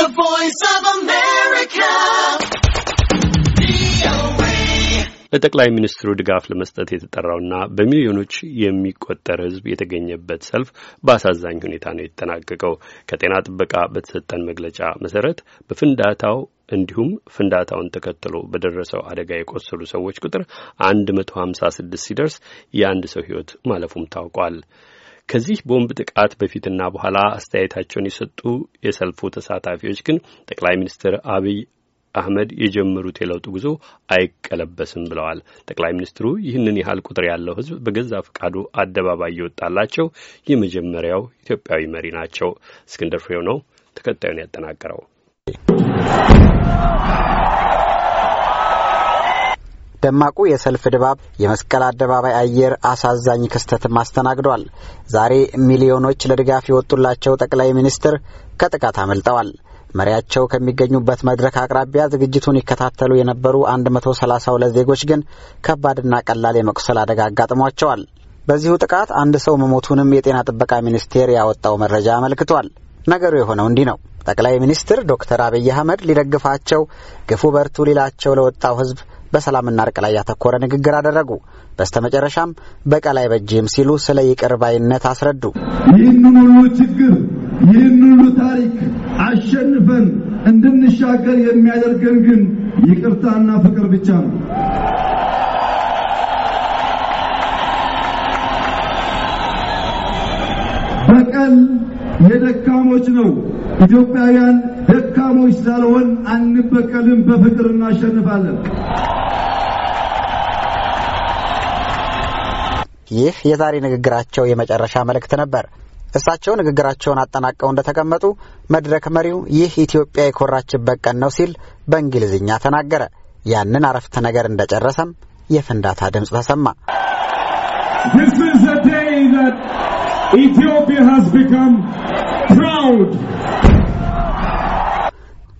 The Voice of America. ለጠቅላይ ሚኒስትሩ ድጋፍ ለመስጠት የተጠራውና በሚሊዮኖች የሚቆጠር ሕዝብ የተገኘበት ሰልፍ በአሳዛኝ ሁኔታ ነው የተጠናቀቀው። ከጤና ጥበቃ በተሰጠን መግለጫ መሰረት በፍንዳታው እንዲሁም ፍንዳታውን ተከትሎ በደረሰው አደጋ የቆሰሉ ሰዎች ቁጥር 156 ሲደርስ የአንድ ሰው ሕይወት ማለፉም ታውቋል። ከዚህ ቦምብ ጥቃት በፊትና በኋላ አስተያየታቸውን የሰጡ የሰልፉ ተሳታፊዎች ግን ጠቅላይ ሚኒስትር አብይ አህመድ የጀመሩት የለውጥ ጉዞ አይቀለበስም ብለዋል። ጠቅላይ ሚኒስትሩ ይህንን ያህል ቁጥር ያለው ሕዝብ በገዛ ፈቃዱ አደባባይ የወጣላቸው የመጀመሪያው ኢትዮጵያዊ መሪ ናቸው። እስክንድር ፍሬው ነው ተከታዩን ያጠናቀረው። ደማቁ የሰልፍ ድባብ፣ የመስቀል አደባባይ አየር አሳዛኝ ክስተትም አስተናግዷል። ዛሬ ሚሊዮኖች ለድጋፍ የወጡላቸው ጠቅላይ ሚኒስትር ከጥቃት አመልጠዋል። መሪያቸው ከሚገኙበት መድረክ አቅራቢያ ዝግጅቱን ይከታተሉ የነበሩ 132 ዜጎች ግን ከባድና ቀላል የመቁሰል አደጋ አጋጥሟቸዋል። በዚሁ ጥቃት አንድ ሰው መሞቱንም የጤና ጥበቃ ሚኒስቴር ያወጣው መረጃ አመልክቷል። ነገሩ የሆነው እንዲህ ነው። ጠቅላይ ሚኒስትር ዶክተር አብይ አህመድ ሊደግፋቸው ግፉ በርቱ ሊላቸው ለወጣው ህዝብ። በሰላምና እርቅ ላይ ያተኮረ ንግግር አደረጉ። በስተመጨረሻም በቀል አይበጅም ሲሉ ስለ ይቅር ባይነት አስረዱ። ይህን ሁሉ ችግር ይህን ሁሉ ታሪክ አሸንፈን እንድንሻገር የሚያደርገን ግን ይቅርታና ፍቅር ብቻ ነው። በቀል የደካሞች ነው። ኢትዮጵያውያን ደካሞች ስላልሆን አንበቀልም፣ በፍቅር እናሸንፋለን። ይህ የዛሬ ንግግራቸው የመጨረሻ መልእክት ነበር። እሳቸው ንግግራቸውን አጠናቀው እንደተቀመጡ መድረክ መሪው ይህ ኢትዮጵያ የኮራችበት ቀን ነው ሲል በእንግሊዝኛ ተናገረ። ያንን አረፍተ ነገር እንደጨረሰም የፍንዳታ ድምፅ ተሰማ። Ethiopia has become proud.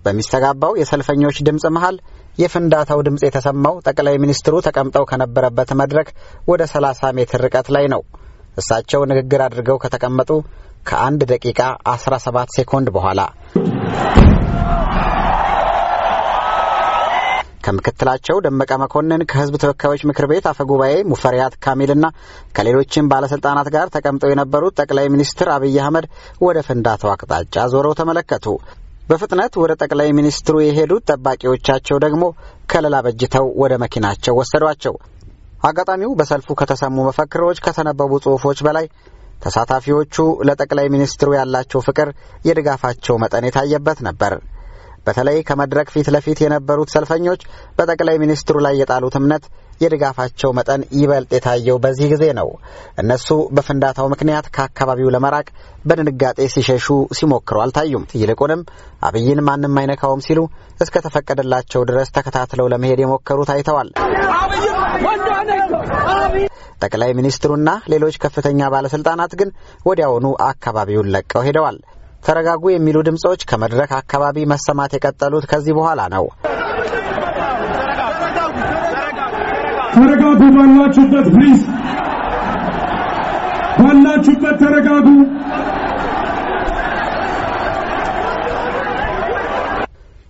በሚስተጋባው የሰልፈኞች ድምፅ መሃል የፍንዳታው ድምፅ የተሰማው ጠቅላይ ሚኒስትሩ ተቀምጠው ከነበረበት መድረክ ወደ 30 ሜትር ርቀት ላይ ነው። እሳቸው ንግግር አድርገው ከተቀመጡ ከአንድ ደቂቃ 17 ሴኮንድ በኋላ ከምክትላቸው ደመቀ መኮንን ከህዝብ ተወካዮች ምክር ቤት አፈ ጉባኤ ሙፈሪያት ካሚልና ከሌሎችም ባለስልጣናት ጋር ተቀምጠው የነበሩት ጠቅላይ ሚኒስትር አብይ አህመድ ወደ ፍንዳታው አቅጣጫ ዞረው ተመለከቱ። በፍጥነት ወደ ጠቅላይ ሚኒስትሩ የሄዱት ጠባቂዎቻቸው ደግሞ ከለላ በጅተው ወደ መኪናቸው ወሰዷቸው። አጋጣሚው በሰልፉ ከተሰሙ መፈክሮች፣ ከተነበቡ ጽሑፎች በላይ ተሳታፊዎቹ ለጠቅላይ ሚኒስትሩ ያላቸው ፍቅር፣ የድጋፋቸው መጠን የታየበት ነበር። በተለይ ከመድረክ ፊት ለፊት የነበሩት ሰልፈኞች በጠቅላይ ሚኒስትሩ ላይ የጣሉት እምነት የድጋፋቸው መጠን ይበልጥ የታየው በዚህ ጊዜ ነው። እነሱ በፍንዳታው ምክንያት ከአካባቢው ለመራቅ በድንጋጤ ሲሸሹ ሲሞክሩ አልታዩም። ይልቁንም አብይን ማንም አይነካውም ሲሉ እስከ ተፈቀደላቸው ድረስ ተከታትለው ለመሄድ የሞከሩ ታይተዋል። ጠቅላይ ሚኒስትሩና ሌሎች ከፍተኛ ባለስልጣናት ግን ወዲያውኑ አካባቢውን ለቀው ሄደዋል። ተረጋጉ የሚሉ ድምጾች ከመድረክ አካባቢ መሰማት የቀጠሉት ከዚህ በኋላ ነው። ተረጋጉ፣ ባላችሁበት ፕሊዝ፣ ባላችሁበት ተረጋጉ።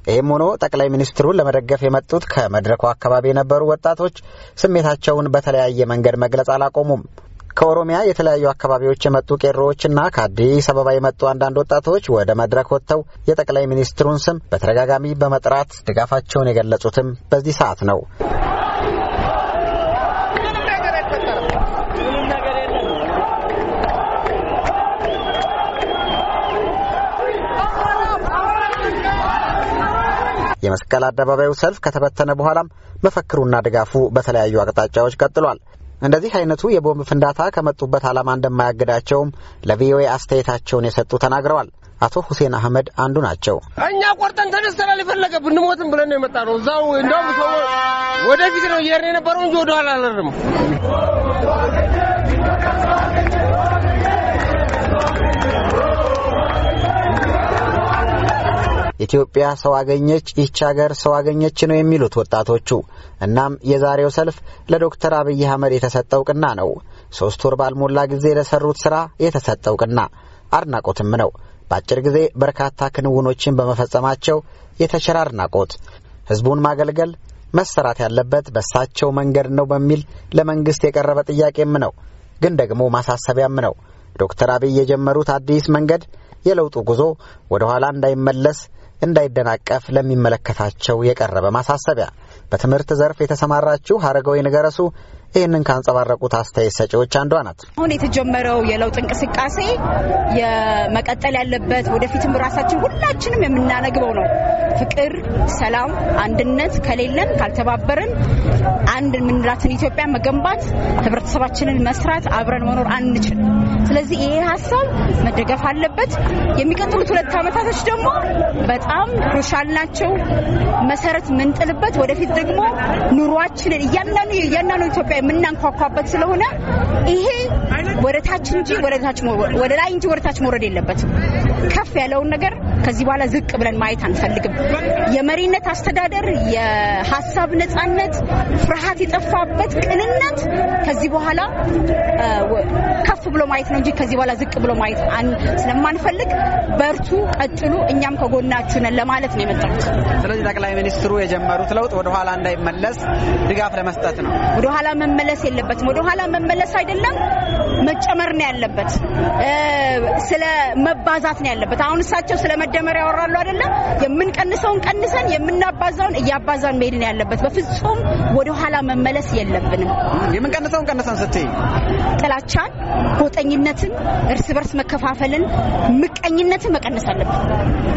ይህም ሆኖ ጠቅላይ ሚኒስትሩን ለመደገፍ የመጡት ከመድረኩ አካባቢ የነበሩ ወጣቶች ስሜታቸውን በተለያየ መንገድ መግለጽ አላቆሙም። ከኦሮሚያ የተለያዩ አካባቢዎች የመጡ ቄሮዎችና ከአዲስ አበባ የመጡ አንዳንድ ወጣቶች ወደ መድረክ ወጥተው የጠቅላይ ሚኒስትሩን ስም በተደጋጋሚ በመጥራት ድጋፋቸውን የገለጹትም በዚህ ሰዓት ነው። የመስቀል አደባባዩ ሰልፍ ከተበተነ በኋላም መፈክሩና ድጋፉ በተለያዩ አቅጣጫዎች ቀጥሏል። እንደዚህ አይነቱ የቦምብ ፍንዳታ ከመጡበት ዓላማ እንደማያግዳቸውም ለቪኦኤ አስተያየታቸውን የሰጡ ተናግረዋል። አቶ ሁሴን አህመድ አንዱ ናቸው። እኛ ቆርጠን ተነስተናል። የፈለገ ብንሞትም ብለን ነው የመጣ ነው። እዛው እንደውም ሰው ወደፊት ነው እየሄድን የነበረው እንጂ ወደኋላ አልሄድንም። ኢትዮጵያ ሰው አገኘች፣ ይህች ሀገር ሰው አገኘች ነው የሚሉት ወጣቶቹ። እናም የዛሬው ሰልፍ ለዶክተር አብይ አህመድ የተሰጠ እውቅና ነው። ሶስት ወር ባልሞላ ጊዜ ለሰሩት ስራ የተሰጠ እውቅና አድናቆትም ነው። በአጭር ጊዜ በርካታ ክንውኖችን በመፈጸማቸው የተቸረ አድናቆት። ህዝቡን ማገልገል መሰራት ያለበት በሳቸው መንገድ ነው በሚል ለመንግስት የቀረበ ጥያቄም ነው፣ ግን ደግሞ ማሳሰቢያም ነው። ዶክተር አብይ የጀመሩት አዲስ መንገድ የለውጡ ጉዞ ወደ ኋላ እንዳይመለስ እንዳይደናቀፍ ለሚመለከታቸው የቀረበ ማሳሰቢያ። በትምህርት ዘርፍ የተሰማራችሁ ሀረገወይን ገረሱ ይህንን ካንጸባረቁት አስተያየት ሰጪዎች አንዷ ናት። አሁን የተጀመረው የለውጥ እንቅስቃሴ የመቀጠል ያለበት ወደፊትም ራሳችን ሁላችንም የምናነግበው ነው። ፍቅር፣ ሰላም፣ አንድነት ከሌለን ካልተባበርን አንድ የምንላትን ኢትዮጵያ መገንባት ህብረተሰባችንን መስራት አብረን መኖር አንችል። ስለዚህ ይሄ ሀሳብ መደገፍ አለበት። የሚቀጥሉት ሁለት ዓመታቶች ደግሞ በጣም ሩሻል ናቸው። መሰረት ምንጥልበት ወደፊት ደግሞ ኑሯችንን እያንዳንዱ እያንዳንዱ ኢትዮጵያ የምናንኳኳበት ስለሆነ ይሄ ወደታች እንጂ ወደታች ወደ ላይ እንጂ ወደታች መውረድ የለበትም። ከፍ ያለውን ነገር ከዚህ በኋላ ዝቅ ብለን ማየት አንፈልግም። የመሪነት አስተዳደር፣ የሀሳብ ነጻነት፣ ፍርሃት የጠፋበት ቅንነት ከዚህ በኋላ ከፍ ብሎ ማየት ነው እንጂ ከዚህ በኋላ ዝቅ ብሎ ማየት ስለማንፈልግ በርቱ፣ ቀጥሉ፣ እኛም ከጎናችሁ ነን ለማለት ነው የመጣሁት። ስለዚህ ጠቅላይ ሚኒስትሩ የጀመሩት ለውጥ ወደኋላ እንዳይመለስ ድጋፍ ለመስጠት ነው። ወደኋላ መመለስ የለበትም። ወደኋላ መመለስ አይደለም መጨመር ነው ያለበት፣ ስለ መባዛት ነው ያለበት። አሁን እሳቸው ስለ መደመር ያወራሉ አይደለም። የምንቀንሰውን ቀንሰን የምናባዛውን እያባዛን መሄድ ነው ያለበት። በፍጹም ወደ ኋላ መመለስ የለብንም። የምንቀንሰውን ቀንሰን ስትይ ጥላቻን፣ ጎጠኝነትን፣ እርስ በርስ መከፋፈልን፣ ምቀኝነትን መቀነስ አለብን።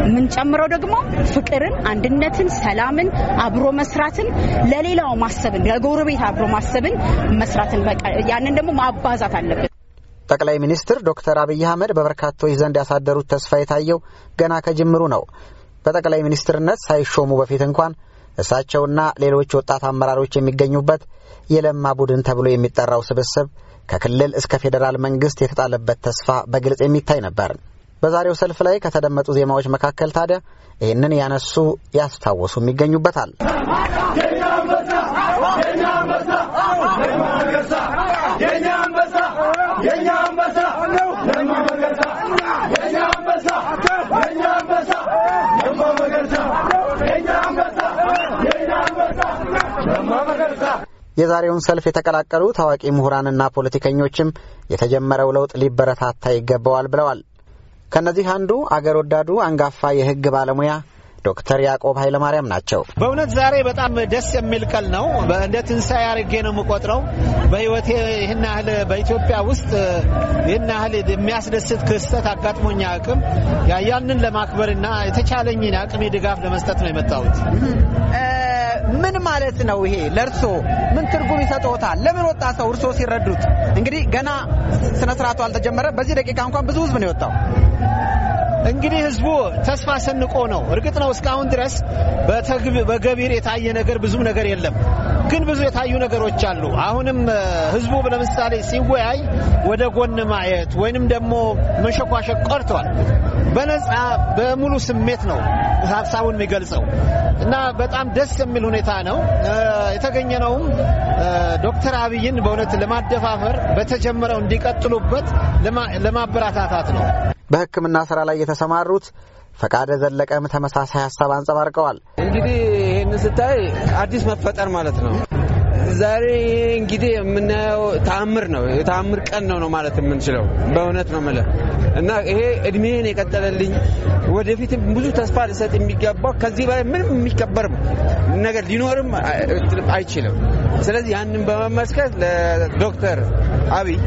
የምንጨምረው ደግሞ ፍቅርን፣ አንድነትን፣ ሰላምን፣ አብሮ መስራትን፣ ለሌላው ማሰብን፣ ለጎረቤት አብሮ ማሰብን መስራትን ያንን ደግሞ ማባዛት አለ አለበት። ጠቅላይ ሚኒስትር ዶክተር አብይ አህመድ በበርካቶች ዘንድ ያሳደሩት ተስፋ የታየው ገና ከጅምሩ ነው። በጠቅላይ ሚኒስትርነት ሳይሾሙ በፊት እንኳን እሳቸውና ሌሎች ወጣት አመራሮች የሚገኙበት የለማ ቡድን ተብሎ የሚጠራው ስብስብ ከክልል እስከ ፌዴራል መንግስት የተጣለበት ተስፋ በግልጽ የሚታይ ነበር። በዛሬው ሰልፍ ላይ ከተደመጡ ዜማዎች መካከል ታዲያ ይህንን ያነሱ ያስታወሱም ይገኙበታል። የዛሬውን ሰልፍ የተቀላቀሉ ታዋቂ ምሁራንና ፖለቲከኞችም የተጀመረው ለውጥ ሊበረታታ ይገባዋል ብለዋል። ከእነዚህ አንዱ አገር ወዳዱ አንጋፋ የሕግ ባለሙያ ዶክተር ያዕቆብ ኃይለማርያም ናቸው። በእውነት ዛሬ በጣም ደስ የሚል ቀን ነው። እንደ ትንሣኤ አድርጌ ነው የምቆጥረው። በህይወቴ ይህን ያህል በኢትዮጵያ ውስጥ ይህን ያህል የሚያስደስት ክስተት አጋጥሞኝ አቅም ያንን ለማክበርና የተቻለኝን አቅሜ ድጋፍ ለመስጠት ነው የመጣሁት። ምን ማለት ነው ይሄ? ለእርሶ ምን ትርጉም ይሰጥዎታል? ለምን ወጣ ሰው እርሶ ሲረዱት? እንግዲህ ገና ስነ ስርዓቱ አልተጀመረ። በዚህ ደቂቃ እንኳን ብዙ ህዝብ ነው የወጣው። እንግዲህ ህዝቡ ተስፋ ሰንቆ ነው። እርግጥ ነው እስካሁን ድረስ በገቢር የታየ ነገር ብዙ ነገር የለም። ግን ብዙ የታዩ ነገሮች አሉ። አሁንም ህዝቡ ለምሳሌ ሲወያይ ወደ ጎን ማየት ወይንም ደግሞ መሸኳሸቅ ቆርተዋል። በነጻ በሙሉ ስሜት ነው ሀሳቡን የሚገልጸው እና በጣም ደስ የሚል ሁኔታ ነው የተገኘነውም ዶክተር አብይን በእውነት ለማደፋፈር በተጀመረው እንዲቀጥሉበት ለማበረታታት ነው። በሕክምና ስራ ላይ የተሰማሩት ፈቃደ ዘለቀም ተመሳሳይ ሀሳብ አንጸባርቀዋል። እንግዲህ ይህን ስታይ አዲስ መፈጠር ማለት ነው። ዛሬ እንግዲህ የምናየው ተአምር ነው። የተአምር ቀን ነው ነው ማለት የምንችለው በእውነት ነው ምለ እና ይሄ እድሜን የቀጠለልኝ ወደፊትም ብዙ ተስፋ ልሰጥ የሚገባው ከዚህ በላይ ምንም የሚከበር ነገር ሊኖርም አይችልም። ስለዚህ ያንን በመመስከት ለዶክተር አብይ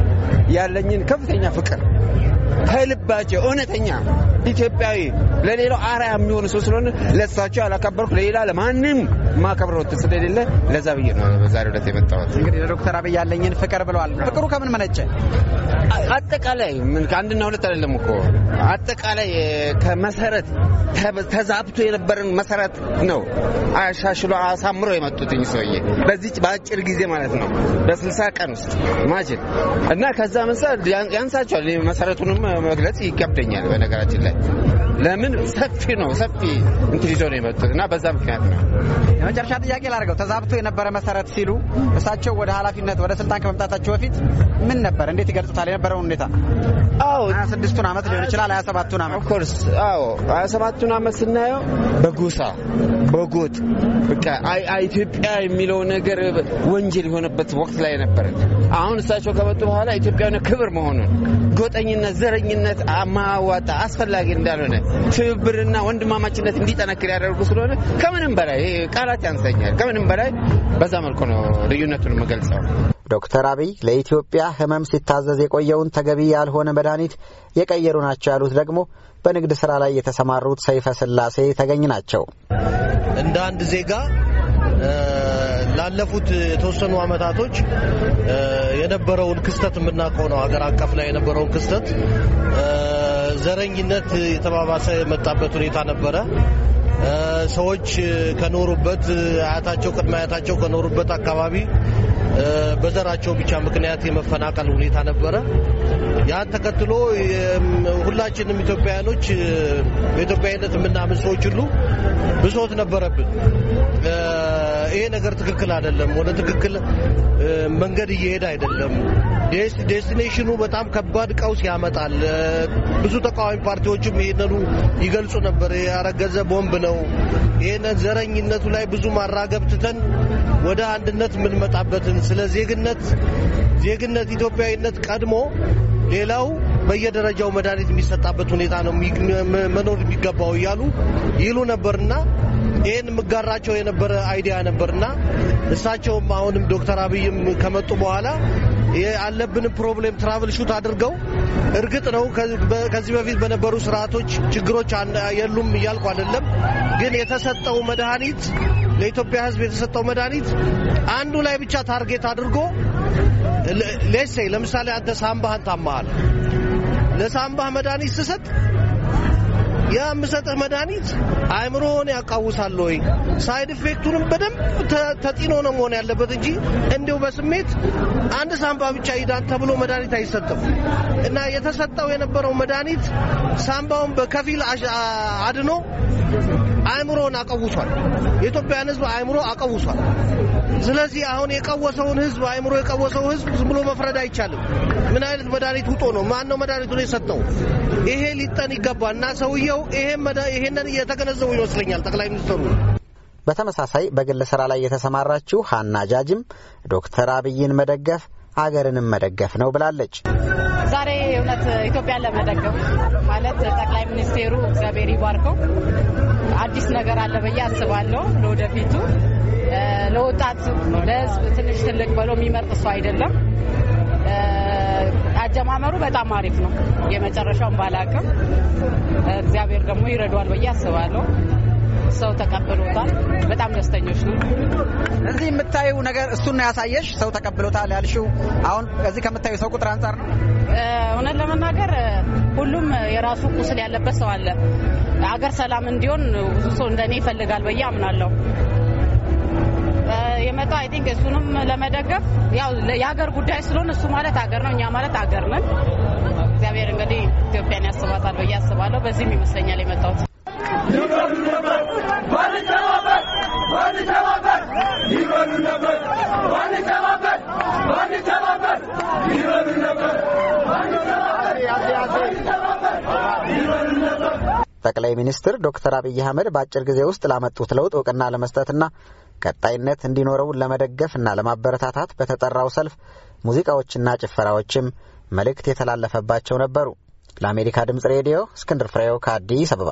ያለኝን ከፍተኛ ፍቅር ከልባቸው እውነተኛ ኢትዮጵያዊ ለሌላው አርአያ የሚሆን ሰው ስለሆነ ለሳቸው ያላከበርኩ ለሌላ ለማንም ማከብረው ስለሌለ ለዛ ብዬ ነው በዛሬው ዕለት የመጣሁት። እንግዲህ ለዶክተር አብይ ያለኝን ፍቅር ብለዋል። ፍቅሩ ከምን መነጨ? አጠቃላይ ከአንድና ሁለት አይደለም እኮ አጠቃላይ ከመሰረት ተዛብቶ የነበረን መሰረት ነው አሻሽሎ አሳምሮ የመጡትኝ ሰውዬ በዚህ በአጭር ጊዜ ማለት ነው በስልሳ ቀን ውስጥ ማጅን እና ከዛ መሰረት ያንሳቸዋል። መሰረቱንም መግለጽ ይከብደኛል በነገራችን ላይ ላይ ለምን ሰፊ ነው ሰፊ እንትን ነው የመጡት እና በዛ ምክንያት ነው። የመጨረሻ ጥያቄ ላድርገው። ተዛብቶ የነበረ መሰረት ሲሉ እሳቸው ወደ ኃላፊነት ወደ ስልጣን ከመምጣታቸው በፊት ምን ነበር? እንዴት ይገልጹታል የነበረውን ሁኔታ? አዎ ሀያ ስድስቱን ዓመት ሊሆን ይችላል ሀያ ሰባቱን ዓመት ኦፍኮርስ። አዎ ሀያ ሰባቱን ስናየው በጎሳ በጎጥ በቃ ኢትዮጵያ የሚለው ነገር ወንጀል የሆነበት ወቅት ላይ ነበረ። አሁን እሳቸው ከመጡ በኋላ ኢትዮጵያ ክብር መሆኑን ጎጠኝነት፣ ዘረኝነት ማዋጣ አስፈላጊ አስፈላጊ እንዳልሆነ ትብብርና ወንድማማችነት እንዲጠነክር ያደርጉ ስለሆነ ከምንም በላይ ቃላት ያንሰኛል። ከምንም በላይ በዛ መልኩ ነው ልዩነቱን የምገልጸው። ዶክተር አብይ ለኢትዮጵያ ህመም ሲታዘዝ የቆየውን ተገቢ ያልሆነ መድኃኒት የቀየሩ ናቸው ያሉት ደግሞ በንግድ ስራ ላይ የተሰማሩት ሰይፈ ስላሴ ተገኝ ናቸው። እንደ አንድ ዜጋ ላለፉት የተወሰኑ አመታቶች የነበረውን ክስተት የምናውቀው ነው። ሀገር አቀፍ ላይ የነበረውን ክስተት ዘረኝነት የተባባሰ የመጣበት ሁኔታ ነበረ። ሰዎች ከኖሩበት አያታቸው ቅድመ አያታቸው ከኖሩበት አካባቢ በዘራቸው ብቻ ምክንያት የመፈናቀል ሁኔታ ነበረ። ያን ተከትሎ ሁላችንም ኢትዮጵያውያኖች በኢትዮጵያዊነት የምናምን ሰዎች ሁሉ ብሶት ነበረብን። ይሄ ነገር ትክክል አይደለም፣ ወደ ትክክል መንገድ እየሄደ አይደለም ዴስቲኔሽኑ በጣም ከባድ ቀውስ ያመጣል። ብዙ ተቃዋሚ ፓርቲዎችም ይህንኑ ይገልጹ ነበር። ያረገዘ ቦምብ ነው። ይህንን ዘረኝነቱ ላይ ብዙ ማራገብ ትተን ወደ አንድነት የምንመጣበትን ስለ ዜግነት ዜግነት ኢትዮጵያዊነት ቀድሞ ሌላው በየደረጃው መድኃኒት የሚሰጣበት ሁኔታ ነው መኖር የሚገባው እያሉ ይሉ ነበርና ይህን የምጋራቸው የነበረ አይዲያ ነበርና እሳቸውም አሁንም ዶክተር አብይም ከመጡ በኋላ ያለብን ፕሮብሌም ትራቭል ሹት አድርገው እርግጥ ነው ከዚህ በፊት በነበሩ ስርዓቶች ችግሮች የሉም እያልኩ አይደለም። ግን የተሰጠው መድኃኒት ለኢትዮጵያ ሕዝብ የተሰጠው መድኃኒት አንዱ ላይ ብቻ ታርጌት አድርጎ ሌሴ ለምሳሌ አንተ ሳምባህን ታመሃል። ለሳምባህ መድኃኒት ስሰጥ የምሰጥህ መድኃኒት አእምሮን ያቃውሳል ወይ ሳይድ ኢፌክቱንም በደንብ ተጢኖ ነው መሆን ያለበት እንጂ እንዲሁ በስሜት አንድ ሳንባ ብቻ ይዳ ተብሎ መድኃኒት አይሰጥም እና የተሰጠው የነበረው መድኃኒት ሳንባውን በከፊል አድኖ አእምሮን አቀውሷል። የኢትዮጵያን ህዝብ አእምሮ አቀውሷል። ስለዚህ አሁን የቀወሰውን ህዝብ አእምሮ የቀወሰው ህዝብ ዝም ብሎ መፍረድ አይቻልም። ምን አይነት መድኃኒት ውጦ ነው? ማን ነው መድኃኒቱን የሰጠው? ይሄ ሊጠን ይገባል እና ሰውየው ነው። ይሄንን እየተገነዘቡ ይመስለኛል ጠቅላይ ሚኒስትሩ። በተመሳሳይ በግል ስራ ላይ የተሰማራችው ሀና ጃጅም ዶክተር አብይን መደገፍ አገርንም መደገፍ ነው ብላለች። ዛሬ እውነት ኢትዮጵያን ለመደገፍ ማለት ጠቅላይ ሚኒስቴሩ እግዚአብሔር ይባርከው አዲስ ነገር አለ ብዬ አስባለሁ። ለወደፊቱ ለወጣቱ ለህዝብ ትንሽ ትልቅ ብሎ የሚመርጥ ሰው አይደለም። አጀማመሩ በጣም አሪፍ ነው። የመጨረሻውን ባላቅም እግዚአብሔር ደግሞ ይረዷል ብዬ አስባለሁ። ሰው ተቀብሎታል። በጣም ደስተኞች ነው። እዚህ የምታዩ ነገር እሱን ነው ያሳየሽ። ሰው ተቀብሎታል ያልሽው አሁን እዚህ ከምታዩ ሰው ቁጥር አንጻር ነው። እውነት ለመናገር ሁሉም የራሱ ቁስል ያለበት ሰው አለ። አገር ሰላም እንዲሆን ብዙ ሰው እንደኔ ይፈልጋል ብዬ አምናለሁ። ያመጣው አይ ቲንክ እሱንም ለመደገፍ ያው የሀገር ጉዳይ ስለሆነ እሱ ማለት ሀገር ነው፣ እኛ ማለት ሀገር ነን። እግዚአብሔር እንግዲህ ኢትዮጵያን ያስባታል ብዬ አስባለሁ። በዚህም ይመስለኛል የመጣሁት። ጠቅላይ ሚኒስትር ዶክተር አብይ አህመድ በአጭር ጊዜ ውስጥ ላመጡት ለውጥ እውቅና ለመስጠትና ቀጣይነት እንዲኖረው እና ለማበረታታት በተጠራው ሰልፍ ሙዚቃዎችና ጭፈራዎችም መልእክት የተላለፈባቸው ነበሩ። ለአሜሪካ ድምፅ ሬዲዮ እስክንድር ፍሬው ከአዲስ አበባ